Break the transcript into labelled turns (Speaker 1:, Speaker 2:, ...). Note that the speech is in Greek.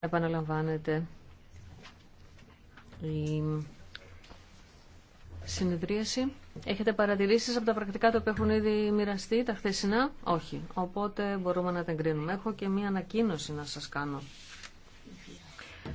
Speaker 1: επαναλαμβάνεται η συνεδρίαση. Έχετε παρατηρήσεις από τα πρακτικά που έχουν ήδη μοιραστεί, τα χθεσινά. Όχι. Οπότε μπορούμε να τα εγκρίνουμε. Έχω και μία ανακοίνωση να σας κάνω.